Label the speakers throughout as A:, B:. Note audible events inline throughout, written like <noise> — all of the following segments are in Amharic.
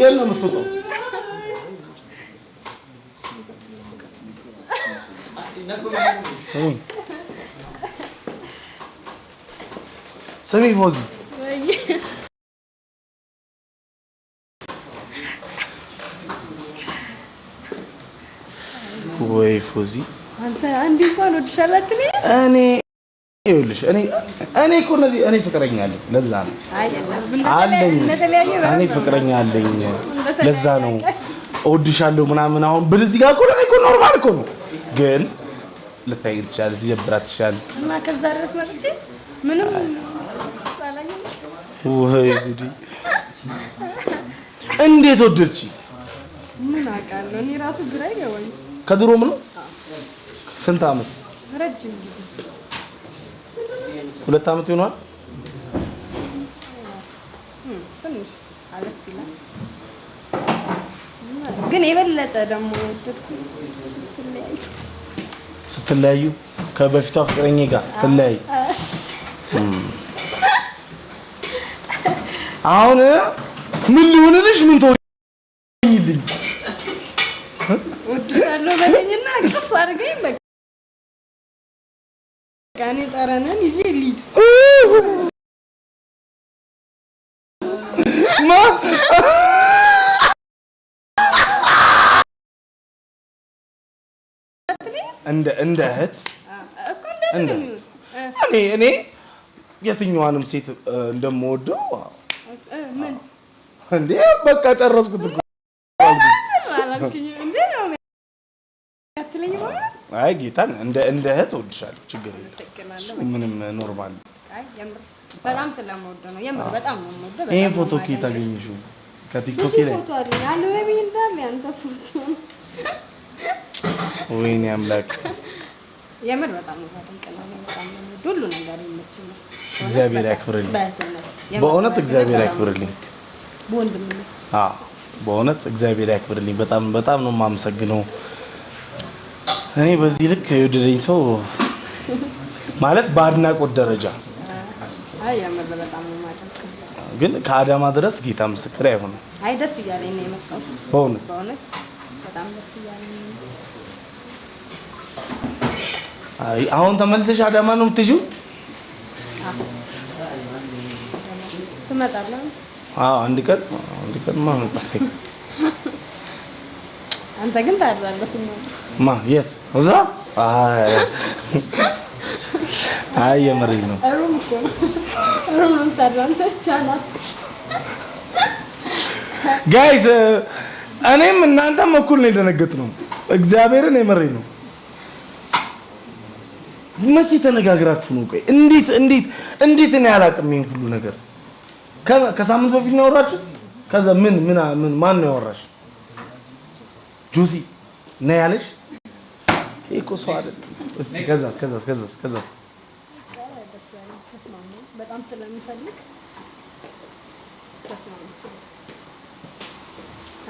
A: የለም የምትወጣው ስሚ ፎዚ ወይ ፎዚ አንተ
B: አንዴ እንኳን ወድሻላት እኔ
A: ይኸውልሽ እኔ እኔ እኮ እነዚህ እኔ ፍቅረኛ አለኝ። ለዛ ነው አለኝ እኔ ፍቅረኛ አለኝ። ለዛ ነው እወድሻለሁ ምናምን አሁን ብል እዚህ ጋር እኮ ለእኔ እኮ ኖርማል እኮ ነው፣ ግን ልታይኝ ትችላለች፣ ጀብራት ትችላለች።
B: እና ከዛ ድረስ መጥቼ ምንም
A: ወይ ጉዲ! እንዴት ወደድች?
B: ምን አውቃለሁ እኔ ራሱ ግራ ይገባኝ።
A: ከድሮም ነው ስንት አመት ረጅም ሁለት ዓመት ይሆናል።
B: ግን የበለጠ ደግሞ
A: ስትለያዩ ከበፊቷ ፍቅረኛ ጋር ስለያዩ አሁን ምን ሊሆንልሽ? ምን ተወኝልኝ?
B: ወድሻለሁ በለኝና አድርገኝ። በቃ እኔ ይዤ
A: እንደ እህት እኔ የትኛዋንም ሴት እንደምወደው እንዴ በቃ ጨረስኩት። አይ ጌታን እንደ እንደ እህት እወድሻለሁ። ችግር የለም ምንም ኖርማል።
B: በጣም ስለምወደው ነው የምር፣ በጣም ነው የምወደው። ይሄን
A: ፎቶ ከየት አገኘሽው? ከቲክቶክ
B: ላይ ፎቶ አለ ያለው ፎቶ
A: ወይኔ አምላክ
B: የምር በጣም ሁሉ ነገር
A: ይመችኛል። እግዚአብሔር ያክብርልኝ፣ በእውነት እግዚአብሔር ያክብርልኝ፣ በእውነት እግዚአብሔር ያክብርልኝ። በጣም በጣም ነው የማመሰግነው። እኔ በዚህ ልክ የወደደኝ ሰው ማለት በአድናቆት ደረጃ ግን ከአዳማ ድረስ ጌታ ምስክር አይሆንም። አይ ደስ
B: እያለኝ ነው የመጣሁት በእውነት በጣም ደስ እያለኝ
A: አሁን ተመልሰሽ አዳማ ነው የምትሄጂው?
B: ትመጣለህ? አዎ፣ አንድ ቀን አንድ ቀን አንተ ግን ታድራለህ።
A: ማ የት? እዛ። አይ የምሬን ነው። ሩም እኮ
B: ሩም ታድራለህ።
A: ጋይስ እኔም እናንተም እኩል ነው የደነገጥ ነው። እግዚአብሔርን የመሬ ነው። መቼ ተነጋግራችሁ ነው? ቆይ እንዴት እንዴት እንዴት እኔ አላቅም። ይሄን ሁሉ ነገር ከሳምንት በፊት ነው ያወራችሁት። ከዛ ምን ምን ምን ማን ነው ያወራሽ? ጆሲ ነው ያለሽ? እኮ ሰው አይደለም። እስቲ ከዛስ ከዛስ ከዛስ ከዛስ በጣም ስለምፈልግ ተስማምቼ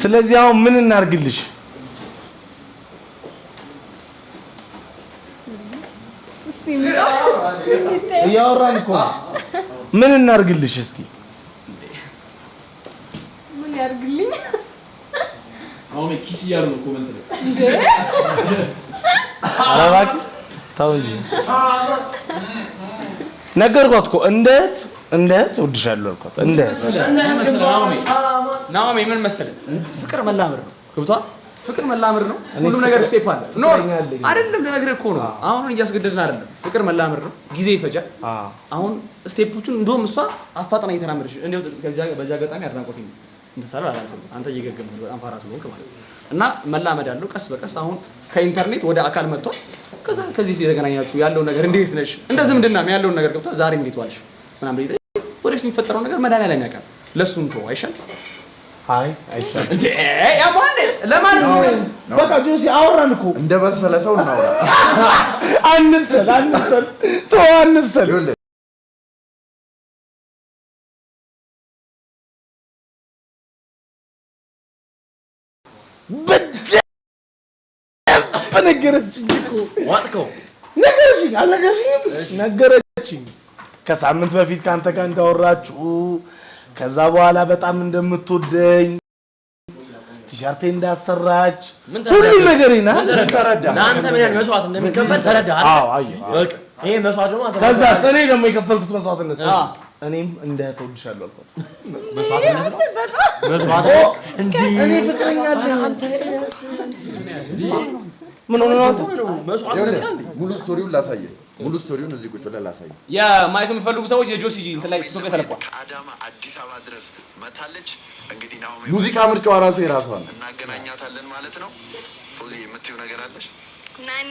A: ስለዚህ አሁን ምን እናርግልሽ? እያወራን እኮ ምን እናርግልሽ? እስቲ
B: ምን ያርግልኝ?
C: አሁን ኪስ እያሉ ነው ኮመንት ላይ ኧረ
A: እባክህ ተው እንጂ ነገርኳት እኮ እንደት እንደት እወድሻለሁ አልኳት እንደት
C: ናም የምን መሰለህ ፍቅር መላምር ነው። ገብቷል? ፍቅር መላምር ነው። ሁሉም ነገር ስቴፕ አለ። ኖ አይደለም፣ ልነግርህ እኮ ነው። አሁን እያስገደድን አይደለም። ፍቅር መላምር ነው፣ ጊዜ ይፈጃል። አሁን ስቴፖቹን እንደውም እሷ አፋጥና እየተራመደች እንደው ከዚያ በዚህ አጋጣሚ አድናቆት ነው እንትሳለ አላልኩም። አንተ እየገገምህ በጣም ፋራ ስለሆንክ ማለት ነው። እና መላመድ አለው ቀስ በቀስ አሁን ከኢንተርኔት ወደ አካል መጥቷል። ከዛ ከዚህ የተገናኛችሁ ያለውን ነገር እንዴት ነሽ እንደ ዝምድና ያለውን ነገር ገብቷል። ዛሬ እንዴት ዋልሽ ምናምን ወደፊት የሚፈጠረው ነገር መድኃኒዓለም ያውቃል። ለእሱም ተወው አይሻልም? አወራን እኮ
A: እንደ በሰለ ሰው እናውራ። <laughs> አንብሰል አንብሰል ተው አንብሰል ነገረችኝ ነገረችኝ አልነገረችኝም ነገረችኝ። ከሳምንት በፊት ከአንተ ጋር እንዳወራችሁ ከዛ በኋላ በጣም እንደምትወደኝ ቲሸርቴ እንዳሰራች ሁሉ ነገር ይና
C: ምን መስዋዕት ይሄ መስዋዕት ከዛ እኔ ደግሞ
A: የከፈልኩት መስዋዕትነት እኔም እንደ ተወድሻለሁ አልኳት። እኔ ምን ሆነ ነው?
D: ሙሉ ስቶሪውን ላሳየህ ሙሉ ስቶሪውን እዚህ ቁጭ ብለን ላሳይ። ያ
C: ማየት የሚፈልጉ ሰዎች የጆሲ እንትን ላይ ቲክቶክ ላይ ተለቋል። ከአዳማ አዲስ አበባ ድረስ
D: መታለች። እንግዲህ ናሆም ሙዚቃ ምርጫዋ ራሱ የራሷ ነው። እናገናኛታለን ማለት ነው።
B: ፎዚ የምትይው ነገር አለሽ? ናኒ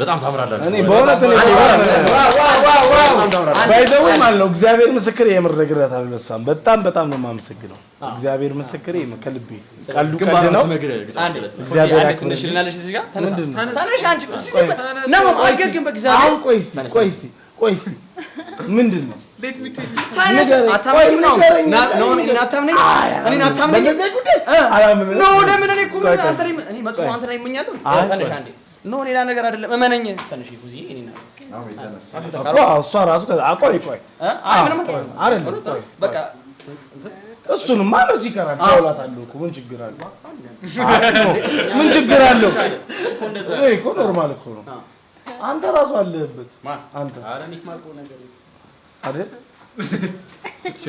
C: በጣም ታምራላችሁ። እኔ
A: እግዚአብሔር ምስክሬ የምር እነግራታለሁ። ለእሷም በጣም በጣም ነው የማመሰግነው። እግዚአብሔር ምስክሬ ከልቤ ቀልዱ ቀልድ ነው። ቆይ እስኪ ምንድን ነው
C: መጥፎ አንተ ላይ ይመኛለሁ። አንዴ ኖ ሌላ ነገር አይደለም፣ እመነኝ። ትንሽ ይሁዚ እኔና
A: እሷ ራሱ አቆይ ቆይ በቃ እሱንማ እንደዚህ ይቀራል። ታውላታለህ እኮ ምን ችግር አለው? ምን ችግር አለው እኮ ኖርማል እኮ ነው። አንተ ራሱ አለህበት አንተ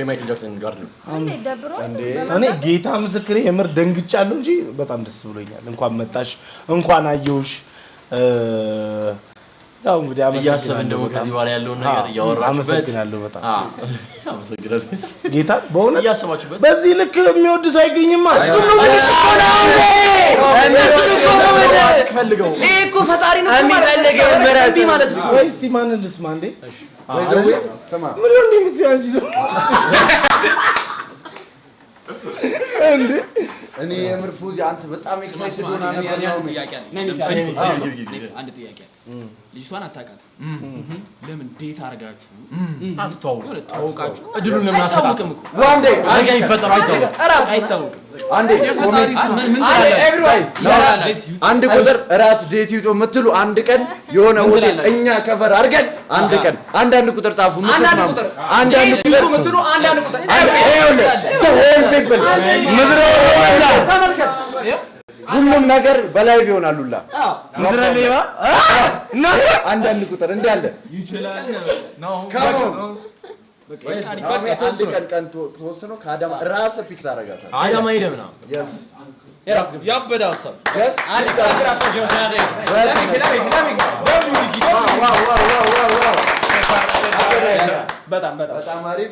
A: ማይክል ጃክሰን ጋር ነው። እኔ ጌታ ምስክሬ የምር ደንግጫለሁ እንጂ በጣም ደስ ብሎኛል። እንኳን መጣሽ፣ እንኳን አየሁሽ።
C: ያው እንግዲህ እያሰብን ደግሞ ከዚህ በኋላ ያለውን ነገር እያወራችሁበት አመሰግናለሁ። በጣም
A: አመሰግናለሁ ጌታ በእውነት እያሰባችሁበት። በዚህ ልክ የሚወድ ሰው አይገኝማ። እሱ ነው ፈጣሪ ነው ማለት ነው። እስኪ ማንን ልስማ እንዴ? ወይ
D: እንዴ እኔ የምር ፉዚ አንተ በጣም ኤክሳይትድ ሆና ነበር። ነው ጥያቄ አንድ
C: ጥያቄ ልጅቷን አታውቃት? ለምን ዴት አድርጋችሁ አትተዋወቁ? ተዋውቃችሁ እድሉን ለምን አሰጣትም? ዋንዴ አደጋ ይፈጠር
A: አይታወቅም። አንድ ቁጥር እራት ዴት ይውጡ የምትሉ አንድ ቀን የሆነ ሆቴል እኛ ከፈር አድርገን አንድ ቀን አንዳንድ ቁጥር ጣፉ
C: አንዳንድ ቁጥር ይበል።
D: ምድረ ሁሉም ነገር በላይ ይሆናል። ሁላ ምድረ ሌባ
A: አንዳንድ ቁጥር ይችላል
D: አንድ ቀን ቀን ተወስኖ ከአዳማ ፒክ ታደርጋታለህ። አዳማ በጣም አሪፍ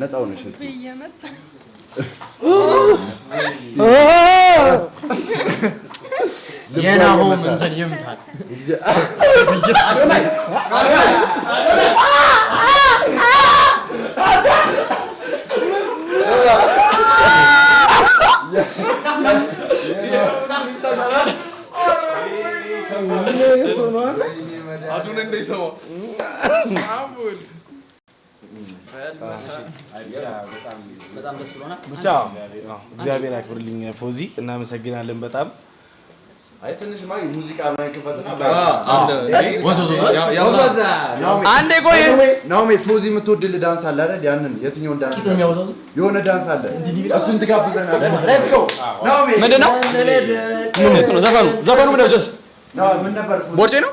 D: ነፃ ሆነሽ
C: የናሆም እንትን ይምታል።
A: ብቻ እግዚአብሔር ያክብርልኝ ፎዚ፣ እናመሰግናለን በጣም አንዴ ቆይ ናሆሜ፣
D: ፎዚ የምትወድልህ ዳንስ አለ አይደል? ያንን የትኛውን ዳንስ? የሆነ ዳንስ አለ፣ እሱን ትጋብዘናለህ። ምንድን
A: ነው ዘፈኑ ምን ነበር? ቦርጬ ነው።